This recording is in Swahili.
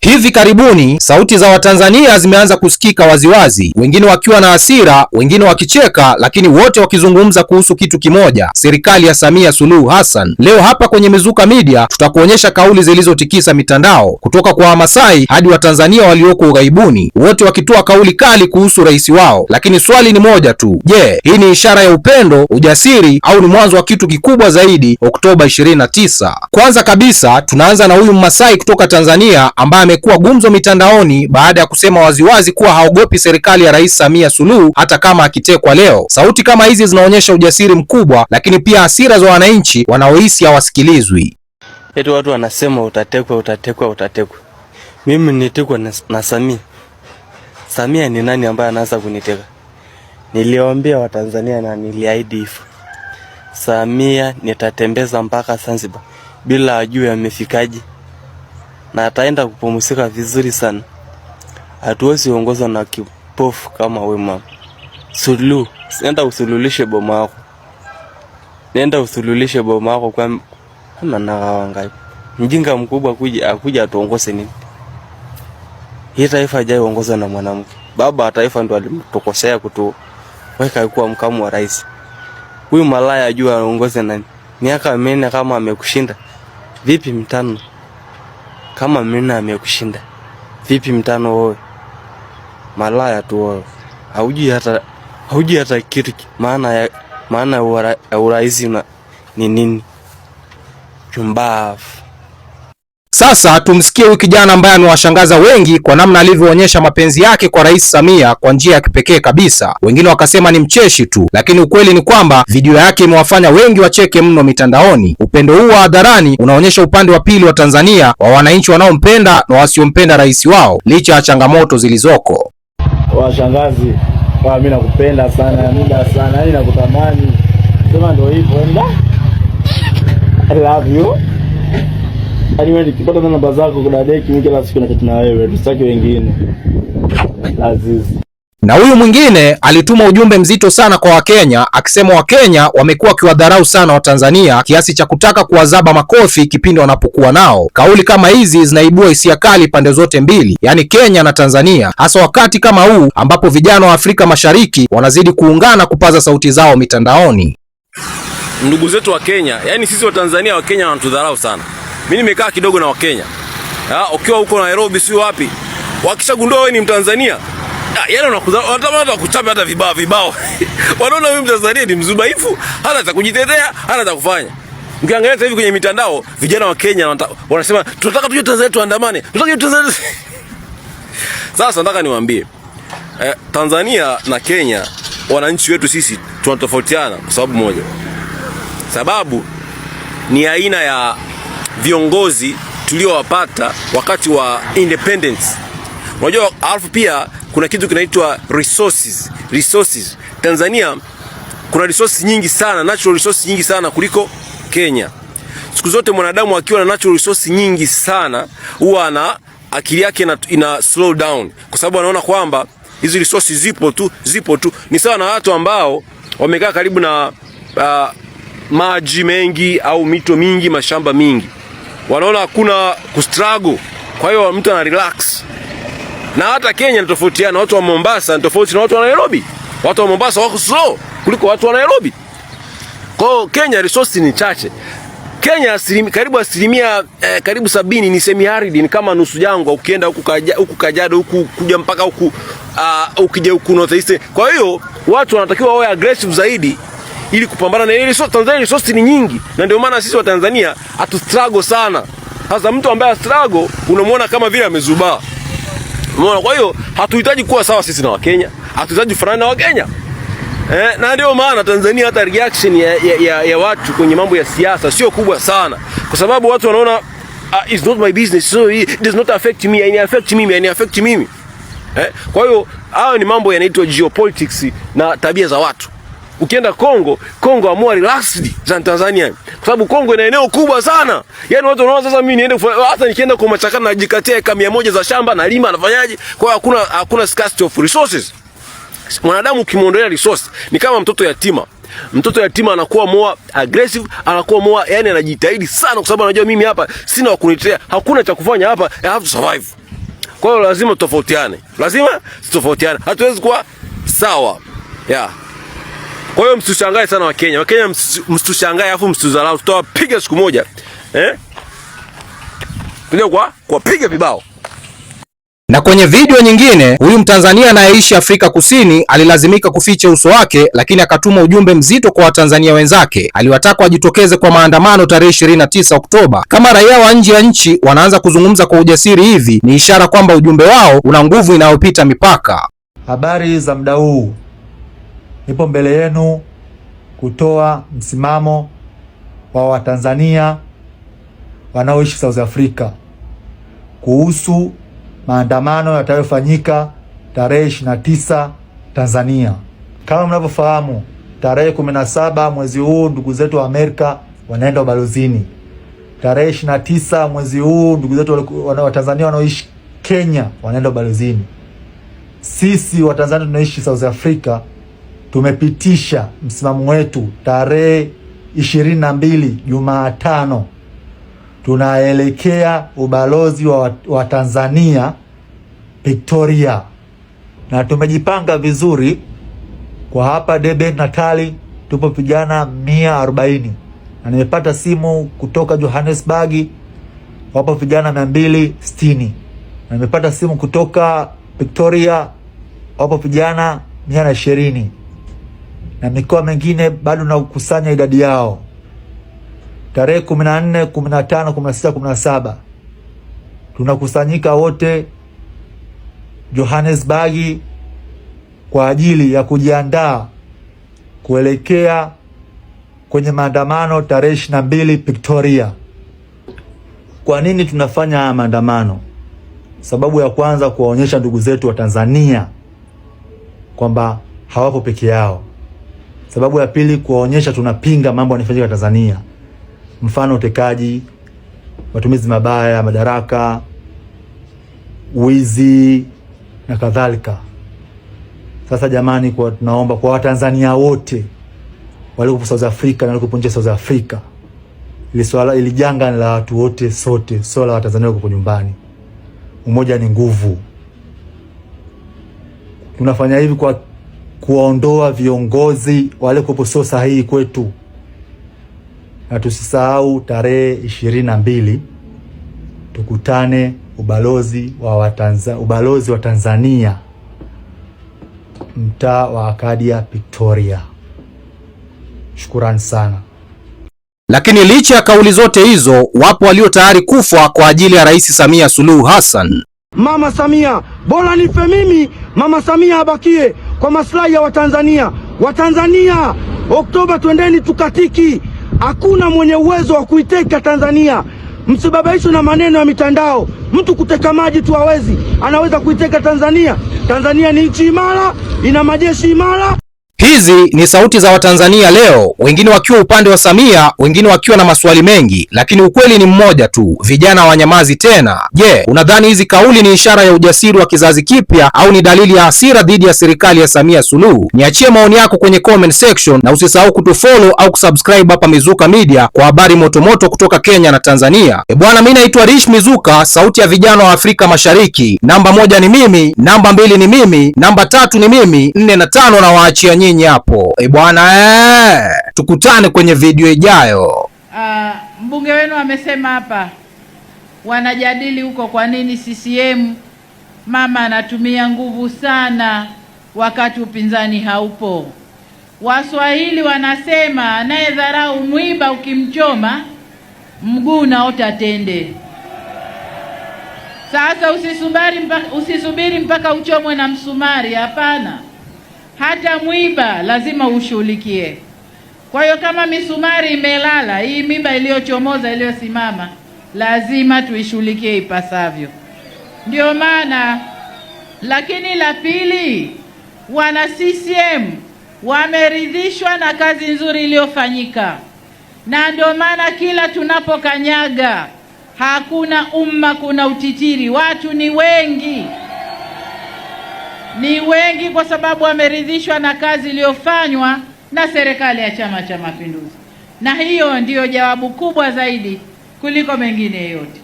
Hivi karibuni sauti za Watanzania zimeanza kusikika waziwazi, wengine wakiwa na hasira, wengine wakicheka, lakini wote wakizungumza kuhusu kitu kimoja: serikali ya Samia Suluhu Hassan. Leo hapa kwenye Mizuka Media tutakuonyesha kauli zilizotikisa mitandao kutoka kwa Wamasai hadi Watanzania walioko ughaibuni, wote wakitoa kauli kali kuhusu rais wao. Lakini swali ni moja tu, je, yeah, hii ni ishara ya upendo, ujasiri au ni mwanzo wa kitu kikubwa zaidi Oktoba 29? Kwanza kabisa tunaanza na huyu Mmasai kutoka Tanzania ambaye amekuwa gumzo mitandaoni baada ya kusema waziwazi kuwa haogopi serikali ya Rais Samia Suluhu hata kama akitekwa leo. Sauti kama hizi zinaonyesha ujasiri mkubwa, lakini pia hasira za wananchi wanaohisi hawasikilizwi. Eti watu wanasema utatekwa, utatekwa, utatekwa. Mimi nitekwa na, na Samia. Samia ni nani ambaye anaanza kuniteka? Niliwaambia Watanzania na niliahidi hivyo. Samia nitatembeza mpaka Zanzibar bila ajue amefikaje na ataenda kupumzika vizuri sana. Hatuwezi ongozwa na kipofu kama Wema. Sulu, nenda usululishe boma yako, nenda usululishe boma yako kwa kama na wangai mjinga mkubwa kuja akuja atuongoze nini? Hii taifa haijai ongozwa na mwanamke. Baba wa taifa ndo alimtukosea kutuweka kuwa mkamu wa rais. Huyu malaya ajua aongoze nani? Miaka minne kama amekushinda vipi mitano? Kama Mrina amekushinda vipi mtano wewe? Malaya tu wewe, hauji hata hauji hata kitu maana ya maana ya uraizi ni nini? Chumbavu. Sasa tumsikie huyu kijana ambaye amewashangaza wengi kwa namna alivyoonyesha mapenzi yake kwa Rais Samia kwa njia ya kipekee kabisa. Wengine wakasema ni mcheshi tu, lakini ukweli ni kwamba video yake imewafanya wengi wacheke mno mitandaoni. Upendo huu wa hadharani unaonyesha upande wa pili wa Tanzania wa wananchi wanaompenda na wasiompenda rais wao licha ya changamoto zilizoko. Washangazi, mimi nakupenda sana, muda sana, nakutamani. Sema ndio hivyo, I love you. Yaani wewe nikipata namba zako kudadeki mimi kila siku nakati na wewe, tusitaki wengine. Azizi. Na huyu mwingine alituma ujumbe mzito sana kwa Wakenya akisema Wakenya wamekuwa wakiwadharau sana Watanzania kiasi cha kutaka kuwazaba makofi kipindi wanapokuwa nao. Kauli kama hizi zinaibua hisia kali pande zote mbili, yaani Kenya na Tanzania, hasa wakati kama huu ambapo vijana wa Afrika Mashariki wanazidi kuungana kupaza sauti zao mitandaoni. Ndugu zetu wa Kenya, yaani sisi Watanzania, Wakenya wanatudharau sana. Mimi nimekaa kidogo na Wakenya. Ah, ukiwa huko Nairobi sio wapi? Wakishagundua wewe ni Mtanzania, ah, yale wanatamani hata kuchapa hata vibao vibao. Wanaona wewe Mtanzania ni mzubaifu, hana cha kujitetea, hana cha kufanya. Mkiangalia hivi kwenye mitandao, vijana wa Kenya wanasema tunataka tuje Tanzania tuandamane. Tunataka tuje Tanzania. Sasa nataka niwaambie eh, Tanzania na Kenya wananchi wetu sisi tunatofautiana kwa sababu moja. Sababu ni aina ya viongozi tuliowapata wakati wa independence. Unajua, alafu pia kuna kitu kinaitwa resources. Resources Tanzania kuna resources nyingi sana, natural resources nyingi sana kuliko Kenya. Siku zote mwanadamu akiwa na natural resources nyingi sana huwa ana akili yake ina, ina slow down kwa sababu anaona kwamba hizi resources zipo tu zipo tu. Ni sawa na watu ambao wamekaa karibu na uh, maji mengi au mito mingi, mashamba mingi wanaona hakuna kustruggle, kwa hiyo mtu ana relax. Na hata Kenya ni tofautiana, watu wa Mombasa ni tofauti na watu wa Nairobi. Watu wa Mombasa wako slow kuliko watu wa Nairobi. Kwa Kenya resources ni chache. Kenya asilimia karibu asilimia eh, karibu sabini ni semi arid, ni kama nusu jangwa, ukienda huku kaja, huku Kajado huku kuja mpaka huku uh, ukija huku northeast. Kwa hiyo watu wanatakiwa wawe aggressive zaidi ili kupambana na ile so, Tanzania resource ni nyingi, na ndio maana sisi wa Tanzania hatu struggle sana. Sasa mtu ambaye struggle unamwona kama vile amezubaa, umeona? Kwa hiyo hatuhitaji kuwa sawa sisi na Wakenya, hatuhitaji kufanana na Wakenya. Eh, na ndio maana Tanzania hata reaction ya, ya, ya, ya watu kwenye mambo ya siasa sio kubwa sana, kwa sababu watu wanaona uh, it's not my business so it does not affect me, it affect me it affect mimi eh. Kwa hiyo hayo ni mambo yanaitwa geopolitics na tabia za watu. Ukienda Kongo, Kongo amua relaxed za Tanzania. Kwa sababu Kongo ina eneo kubwa sana. Yaani watu wanaona sasa mimi niende hata nikienda kwa machakana najikatia eka moja za shamba na lima nafanyaje? Kwa hiyo hakuna hakuna scarcity of resources. Mwanadamu ukimwondolea resource ni kama mtoto yatima. Mtoto yatima anakuwa more aggressive, anakuwa more yani anajitahidi sana kwa sababu anajua mimi hapa sina wa kunitetea, hakuna cha kufanya hapa, I have to survive. Kwa hiyo lazima tofautiane. Lazima tofautiane. Hatuwezi kuwa sawa. Yeah. Kwa hiyo msishangae sana Wakenya. Wakenya msitushangae afu msitudharau. Tutawapiga siku moja. Eh? Tulia kwa kuwapiga vibao. Na kwenye video nyingine, huyu Mtanzania anayeishi Afrika Kusini alilazimika kuficha uso wake, lakini akatuma ujumbe mzito kwa Watanzania wenzake. Aliwataka wajitokeze kwa maandamano tarehe 29 Oktoba. Kama raia wa nje ya nchi wanaanza kuzungumza kwa ujasiri hivi, ni ishara kwamba ujumbe wao una nguvu inayopita mipaka. Habari za mda huu nipo mbele yenu kutoa msimamo wa Watanzania wanaoishi South Africa kuhusu maandamano yatayofanyika tarehe 29 Tanzania. Kama mnavyofahamu, tarehe 17 mwezi huu ndugu zetu wa Amerika wanaenda ubalozini. Tarehe 29 mwezi huu ndugu zetu wa Tanzania wanaoishi Kenya wanaenda ubalozini. Sisi Watanzania tunaishi South Africa tumepitisha msimamo wetu tarehe ishirini na mbili Jumatano, tunaelekea ubalozi wa, wa Tanzania Victoria, na tumejipanga vizuri kwa hapa Deben Natali tupo vijana mia arobaini na nimepata simu kutoka Johannesburg wapo vijana mia mbili sitini na nimepata simu kutoka Victoria wapo vijana mia na ishirini na mikoa mingine bado nakusanya idadi yao tarehe kumi na nne kumi na tano kumi na sita kumi na saba tunakusanyika wote Johannesburg kwa ajili ya kujiandaa kuelekea kwenye maandamano tarehe ishirini na mbili Victoria. Kwa nini tunafanya haya maandamano? Sababu ya kwanza, kuwaonyesha ndugu zetu wa Tanzania kwamba hawapo peke yao. Sababu ya pili, kuwaonyesha tunapinga mambo yanayofanyika Tanzania, mfano utekaji, matumizi mabaya ya madaraka, wizi na kadhalika. Sasa jamani, kwa tunaomba kwa Watanzania wote waliopo South Africa na waliopo nje South Africa, ili swala ili janga la watu wote sote, sio la Watanzania huko nyumbani. Umoja ni nguvu. Tunafanya hivi kwa kuwaondoa viongozi waliokuwepo sio sahihi kwetu, na tusisahau tarehe ishirini na mbili tukutane ubalozi wa, Watanza, ubalozi wa Tanzania mtaa wa akadia pictoria Shukurani sana. Lakini licha ya kauli zote hizo, wapo walio tayari kufa kwa ajili ya Rais Samia Suluhu Hassan. Mama Samia bora nife mimi, Mama Samia abakie kwa maslahi ya Watanzania. Watanzania, Oktoba twendeni tukatiki. Hakuna mwenye uwezo wa kuiteka Tanzania. Msibabaishwe na maneno ya mitandao. Mtu kuteka maji tu hawezi, anaweza kuiteka Tanzania. Tanzania ni nchi imara, ina majeshi imara. Hizi ni sauti za Watanzania leo, wengine wakiwa upande wa Samia, wengine wakiwa na maswali mengi, lakini ukweli ni mmoja tu, vijana wanyamazi tena. Je, yeah, unadhani hizi kauli ni ishara ya ujasiri wa kizazi kipya au ni dalili ya hasira dhidi ya serikali ya Samia Suluhu? Niachie maoni yako kwenye comment section na usisahau kutufollow au kusubscribe hapa Mizuka Media kwa habari motomoto kutoka Kenya na Tanzania. E bwana, mimi naitwa Rish Mizuka, sauti ya vijana wa Afrika Mashariki. Namba moja ni mimi, namba mbili ni mimi, namba tatu ni mimi, nne na tano na waachia nyinyi hapo. E bwana ee, tukutane kwenye video ijayo. Uh, mbunge wenu amesema hapa wanajadili huko, kwa nini CCM mama anatumia nguvu sana wakati upinzani haupo. Waswahili wanasema anayedharau mwiba ukimchoma mguu naota tende. Sasa usisubiri mpaka, usisubiri mpaka uchomwe na msumari. Hapana, hata mwiba lazima ushughulikie. Kwa hiyo kama misumari imelala, hii mimba iliyochomoza iliyosimama lazima tuishughulikie ipasavyo. Ndio maana lakini, la pili, wana CCM wameridhishwa na kazi nzuri iliyofanyika, na ndio maana kila tunapokanyaga hakuna umma, kuna utitiri, watu ni wengi ni wengi kwa sababu wameridhishwa na kazi iliyofanywa na serikali ya Chama cha Mapinduzi, na hiyo ndiyo jawabu kubwa zaidi kuliko mengine yote.